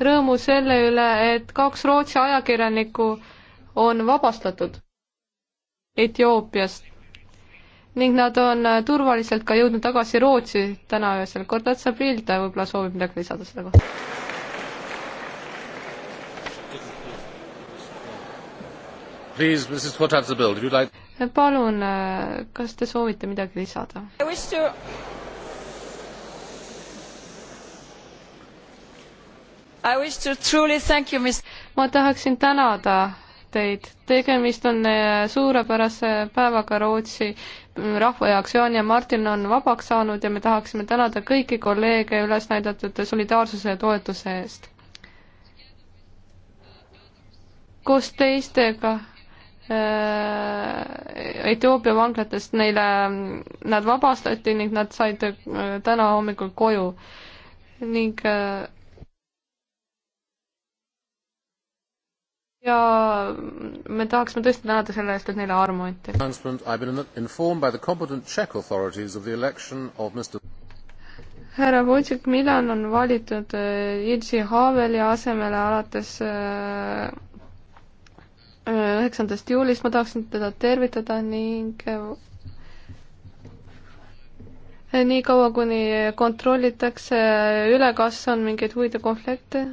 rõõmu selle üle, et kaks Rootsi ajakirjanikku on vabastatud Etioopiast ning nad on äh, turvaliselt ka jõudnud tagasi Rootsi täna öösel. Kordat Sabril ta võib-olla soovib midagi lisada selle kohta. Please, Mrs Kordat Sabril, would you like palun, äh, kas te soovite midagi lisada? You, ma tahaksin tänada teid, tegemist on äh, suurepärase päevaga Rootsi mm, rahva jaoks, Jaan ja Martin on vabaks saanud ja me tahaksime tänada kõiki kolleege üles näidatud solidaarsuse ja toetuse eest. koos teistega äh, Etioopia vanglatest neile, mm, nad vabastati ning nad said äh, täna hommikul koju ning ja me tahaksime tõesti tänada selle eest, et neile armu anti. härra Vutšik Milan on valitud Jiri äh, Haveli asemele alates äh, üheksandast juulist, ma tahaksin teda tervitada ning äh, niikaua, kuni kontrollitakse üle, kas on mingeid huvide konflikte